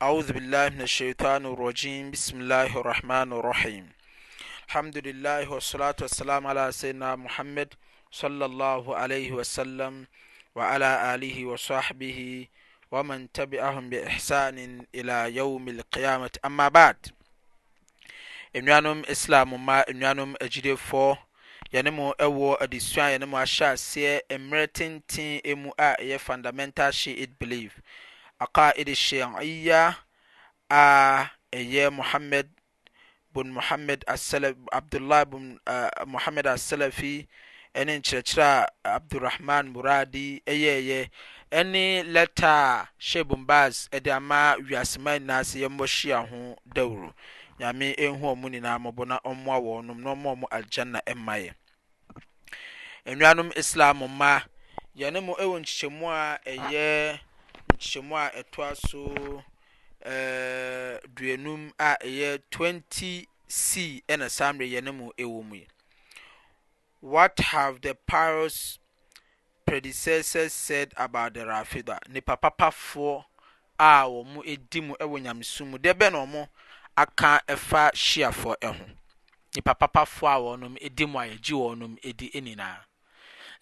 osu bilah min ashitan ragim bsmilah rahman rhim lhamduah ws saa sina mhamds amantahom bhsanin la ywm lkamat amabaad nanm islam ma nanom agyidef yɛnemo ɛwɔ adition a yɛnem ahyɛase mmerɛ tente mu a ɛyɛ fundamental shi it believe aqaid shiiyaa ɛyɛ mohamed asalaphi ne nkyerɛkyerɛ abdurahman moradi yɛyɛ ne lɛta shɛ bumbas ɛde ama wiasemannase ymɔsyia ho dawru name hu mu nyinaa mbona ɔmoa wɔ nom na ɔmomu aljana may nnanom islam ma ynm wɔ nkyekyɛmu ay nhyiamu a ɛtoa so ɛɛɛ eh, a ɛyɛ 20c ɛna saa mmerɛ yɛn mu ɛwɔ mu yi what have the pious predecessors said about the rafida nipa papafoɔ a wɔn edi mu ɛwɔ nyamesu mu deɛ bɛn na wɔn aka ɛfa hyiafoɔ ɛho nipa papafoɔ a wɔn edi mu a yɛgye wɔn edi nyinaa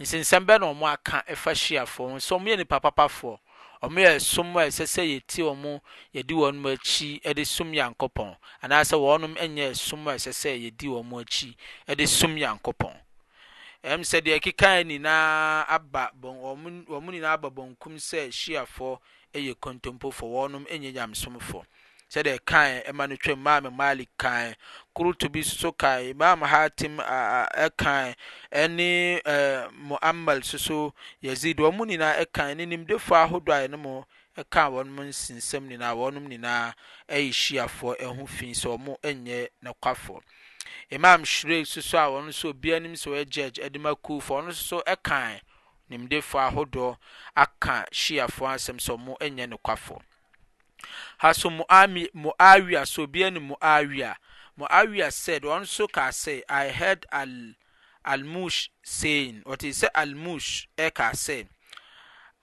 nsensɛm bɛn na wɔn aka ɛfa hyiafoɔ ho nso wɔn yɛ nipa papafoɔ ɔmo yɛ som a ɛsɛ sɛ yɛti ɔmo yɛdi wɔn akyi ɛde som yankopɔn anaasɛ wɔnom nyɛ som a ɛsɛ sɛ yɛdi wɔn akyi ɛde som yankopɔn ɛm sɛ deɛ ɛkeka nyinaa aba bɔn wɔn nyinaa aba bɔnkum sɛ hyiafoɔ yɛ kontompofoɔ wɔnom nyɛ nyamsomfoɔ sɛdeɛ kan ɛma no twam maame malik kan kurutu bi soso kan imam hatim ɛkan ɛne ɛɛ muammal soso yazid wɔn nyinaa ɛkan ne nimdefoɔ ahodoɔ a ɛne mo ɛka wɔn nsinsɛm nyinaa wɔn nyinaa ɛyɛ hyiafoɔ ɛho fi sɛ wɔn ɛnyɛ n'akwafoɔ imam shirek soso a wɔn nso obiara nim sɛ ɔyɛ judge ɛde ma kuufoɔ ɔno nso ɛkan nimdefoɔ ahodoɔ aka hyiafoɔ asɛm sɛ wɔn ɛnyɛ n'akwafoɔ haso moaria sɛ obia ne moaria moawia sɛid ɔnso ka sɛ i head almush sein wɔti sɛ almush ka sɛ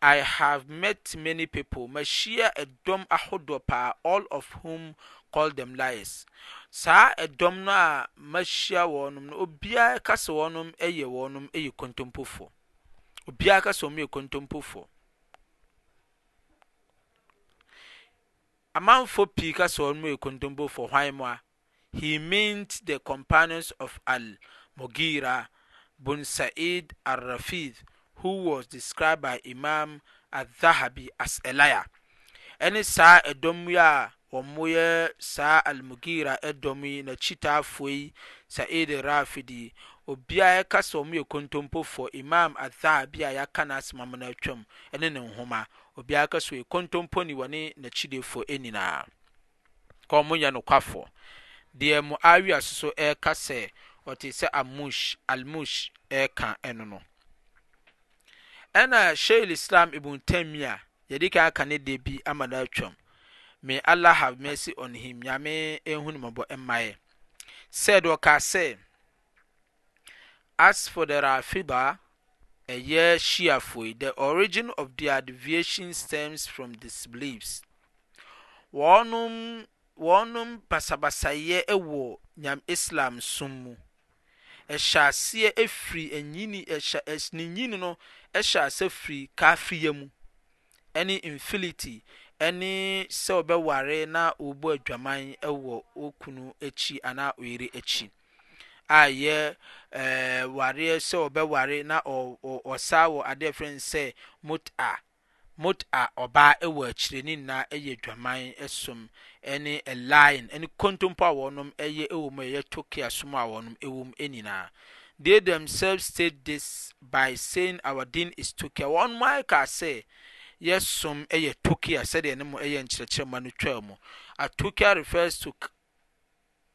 i have mɛt many people mahyia ɛdɔm ahodɔ paa all of whom call them lis saa ɛdɔm no a mahyia wɔnom no obia kasɛ wɔnom yɛ wɔnom yɛ oompo fɔ obia ka s ɔ yɛ kontompo fɔ amanfo pii kasa ɔn mu ɛkotompo fo hwan mu a he meant the companions of almogira bun said arrafih who was described by imam adzahabi as ɛlaya ɛne saa ɛdɔmyi a wɔmoyɛ saa almogira ɛdɔm yi nakyitaafoyi said rafidi obiara ka sɛ ɔmo yɛ kontompofoɔ imam adhabi a yɛaka n'asɛm ama n'atwam ɛne ne nhoma obiara ka sɛ ɔyɛ kontomponi wɔ ne n'akyidefoɔ nyinaa ka ɔmo yɛ nokwafoɔ deɛ mo awia soso ɛreka sɛ ɔte sɛ amush almush ɛreka ɛno no ɛna sheil islam ibn tamia yɛde ka aka ne de bi ama n'atwam may allah have mercy on him nyame ehun mɔbɔ ɛmmaeɛ sɛ deɛ ɔka sɛ As for the Rafida, ɛyɛ Shiafoi, the origin of their deviation stems from disbeliefs. Wɔnom wɔnom basabasayɛ ɛwɔ nyam Islam som mu. Ɛhyɛ e aseɛ efiri ɛnyini e ɛhyɛ e ɛs ne no ɛhyɛ aseɛ firi kaafiya mu any infinity ɛne sɛ ɔbɛware na ɔbɔ adwaman ɛwɔ okunu echi ana oyere echi a yɛ ɛɛ eh, wareɛ sɛ ɔbɛware na ɔsa wɔ adeɛ fɛn sɛ mota mota ɔbaa ɛwɔ akyire ne nyinaa ɛyɛ dwaman ɛsom ɛne ɛline ɛne kontompo a wɔnom ɛyɛ ɛwɔ mu ɛyɛ toke asom a wɔnom ɛwɔ ɛnyinaa they themselves state this by saying our din is toke wɔn mu ayɛka sɛ yɛsom ɛyɛ toke a sɛdeɛ ne mu ɛyɛ nkyerɛkyerɛ mu ano twɛ mu a toke refers to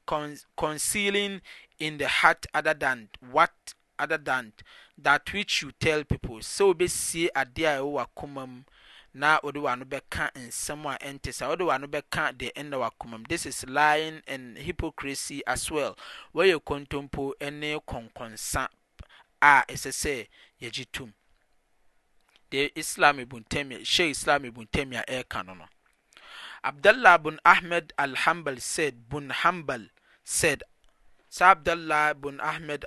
con concealing in the heart other than what other than that which you tell people sɛ wobɛsie adeɛ a ɛwɔ wakoma mu na wode wano bɛka nsɛm a ɛnte saa wode wano bɛka deɛ ɛnna wakoma mu this is lying and hypocrisy as well wɔyɛ kontompo ne kɔnkɔnsa a ɛsɛ sɛ yɛgye tom deɛ islam ibuntamia sheikh islam ibuntamia ɛreka no no Abdullah bin ahmed al alhambal said bin hambal sisa abdllah b ahmɛd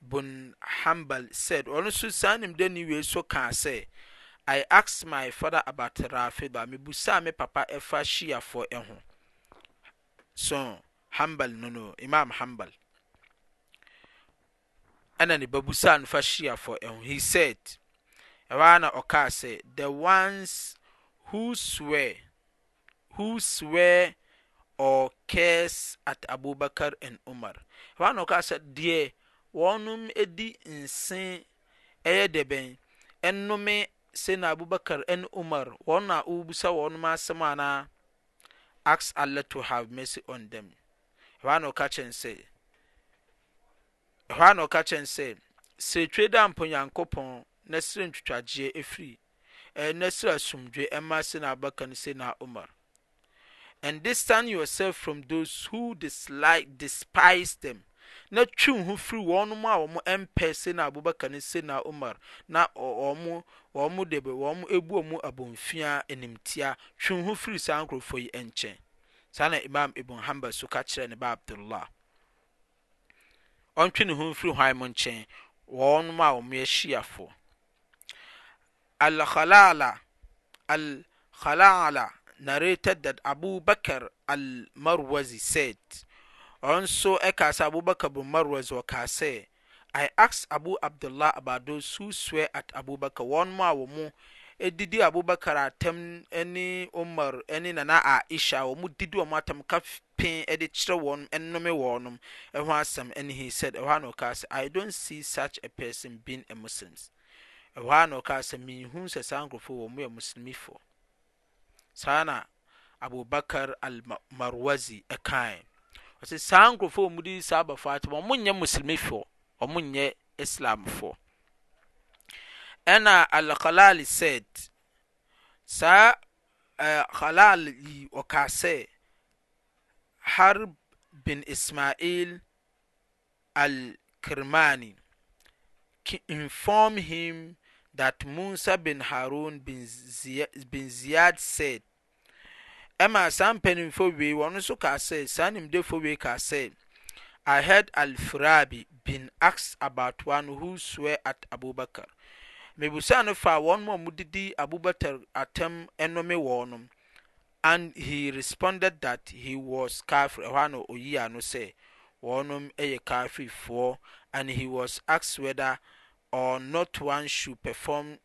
bun hambal sid ɔno so saa nim da newiei so kaa sɛ i ask my father abatrafiba mebusaa me papa ɛfa syiafɔ ɛho so hambal no imam hambal ɛna ne babusa no fa syiafɔ ɛho he said ɛhaana ɔka sɛ the ones whoswr carse at abobakar an omar h nkas deɛ wɔnom di nse yɛ dɛbɛn ɛnome sena abobakar n omar wɔna owbusa wɔnom asam ana akk allah to have mersy on tem kha nka kyɛn sɛ sɛ twe daampo nyankopɔn nasire ntwitwagyeɛ efiri na sire asumdwe ɛma sena abobakar no sena omar and distance yourself from those who dislike despise them na twi ho firi wɔn mu a wɔn mpɛ se na abubakar ne se na umar na wɔn wɔn de wɔn ebu wɔn abomfia enimtia twi ho firi saa nkurɔfoɔ yi nkyɛn saa na imam ibn hanbal so ka kyerɛ ne ba abdullah twi ne ho firi hwan mu nkyɛn wɔn mu a wɔn yɛ shiafoɔ Al-Khalala. narrated that Abu Bakr al-Marwazi said, also Ekas Abu Bakr bin marwazi wakase, I asked Abu Abdullah about those who swear at Abu Bakr. One more woman, edidi Abu Bakr attempt any Umar any Nana Aisha wɔn didi wɔn atem kafin ɛde kyerɛ wɔn ɛnome one? ɛho um. asɛm and he said ɛho ano kaa I don't see such a person being a Muslim. ɛho ano kaa sɛ mihu sɛ saa nkurɔfoɔ a yɛ fo. saabubakar almarwazi ɛka s saankofomd saabafatm muy mslmifm islam f ɛna alkalai sidakaakasɛ ha bin ismal alkirmani nf tat musa bin haron bin ziad sɛi ma saan mpɛnim f wei wɔn so kasɛ saa nim de f wei ka sɛ i had alfrabi been askd about one who swɛr at abubakar mibusa no fa wɔnmɔ mudedi abobakar atɛm ɛnome wɔnom an he responded that he was kafry ɛhɔ a na ɔyia no sɛ wɔnom yɛ kalfry foɔ and he was aks wertda or not one should perform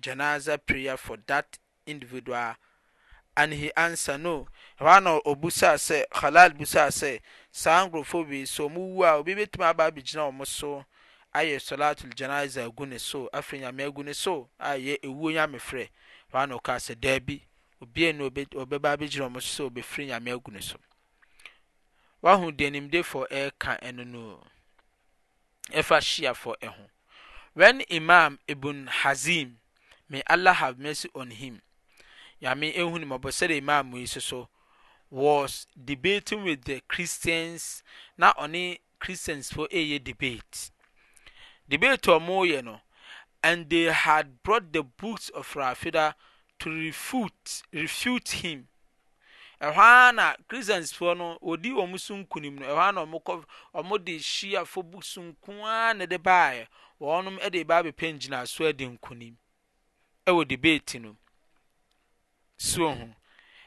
janaza prayer for that individual and he answer no ɛhɔ na obusa sɛ halal busa sɛ saa nkurɔfoɔ bi so ɔmo wu a obi betumi aba abegyina ɔmo so ayɛ solatul janaza agu ne so afei nyame agu ne so a yɛ ewuo nyame frɛ ɛhɔ na ɔka sɛ daabi obiara na ɔbɛba abegyina ɔmo so sɛ ɔbɛfiri nyame agu ne so wahu deɛ nimdefoɔ ɛɛka ɛno no ɛfa hyiafoɔ ɛho when imam ibn hazim may allah have mercy on him yami ehun mọ̀bọ̀ sẹ́dẹ̀ imam yi soso was debating with the christians na only christians fo ɛyɛ debate debate ɔmo yɛ no and they had brought the books of rafida to refute refute him ɛhɔ na christians foɔ no wɔdi wɔn so nkunim no ɛhɔ na wɔn kɔ wɔn de hyiafo books nkoa na de baayɛ wɔnom de ba abɛpɛ ngyinaso adi nkonim wɔ debate no suo ho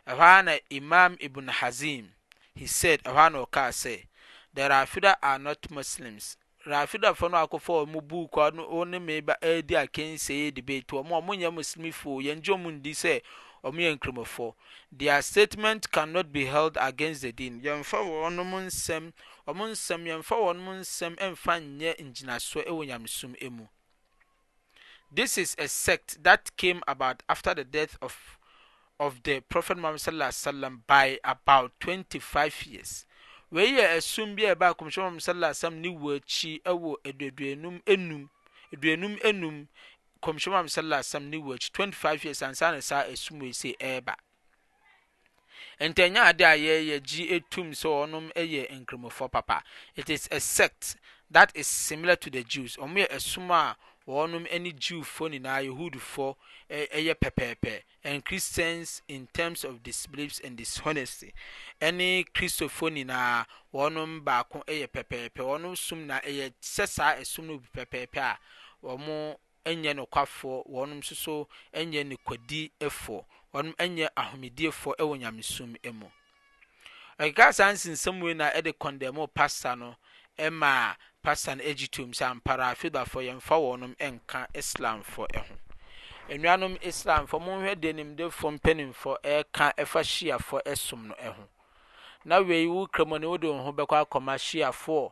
ɛhɔ na imam ibn hazim he said ɛhɔ na ɔkaa sɛ the rafida are not muslims rafidafo no akɔfo ɔmo buuku no ɔne meba adi akɛnsee debate ɔmo ɔmo nyɛ muslimifoɔ yɛn gye ɔmo ndi sɛ ɔmo yɛ nkurumɔfoɔ their statement cannot be held against the din yɛmfa wɔnom nsɛm mo nsɛm yɛmfa wɔno m nsɛm mfa nyɛ ngyinasoɔ wɔ nyamsum mu tis is a sect that came about after the death of the prophet mohammad saalai salam by about 25 years wei yɛ asum bi a ɛba akɔmhywɛ mhamd sala islm ne wɔakyi wɔ duadunum num kɔmhyɛ mohamd sa slm ne wɔakyi 25 years ansaa na saa asum wɔ is rba nti ɛnyɛ ade a yɛyɛ gye etum sɛ wɔnom e yɛ nkramofoɔ papa it is a sect that is similar to the jews wɔn yɛ ɛsom a wɔnom ne jewfoɔ nyinaa yehudifoɔ ɛyɛ e, e pɛpɛɛpɛ and christians in terms of disbelief and dishonesty ɛne kristofoɔ nyinaa wɔnom baako yɛ pɛpɛɛpɛ wɔnom som na ɛyɛ sɛ saa ɛsom no bi pɛpɛɛpɛ a wɔn nyɛ nokwafoɔ wɔnom nso so nyɛ nokwadi wɔn nyɛ ahomediefoɔ wɔ nyamesom mu ɛkeka saa nsensɛm wei na ɛde kɔndɛmo pasta no ɛmaa pasta no agyi tom sɛ ampara afidafoɔ yɛmfa wɔnom nka islamfoɔ ho nnuanom islamfoɔ monhwɛ deɛ nimdefoɔ mpanimfoɔ ɛka ɛfa hyiafoɔ som no ho na wei wo kramɔ ne wode wo ho bɛkɔ akɔma hyiafoɔ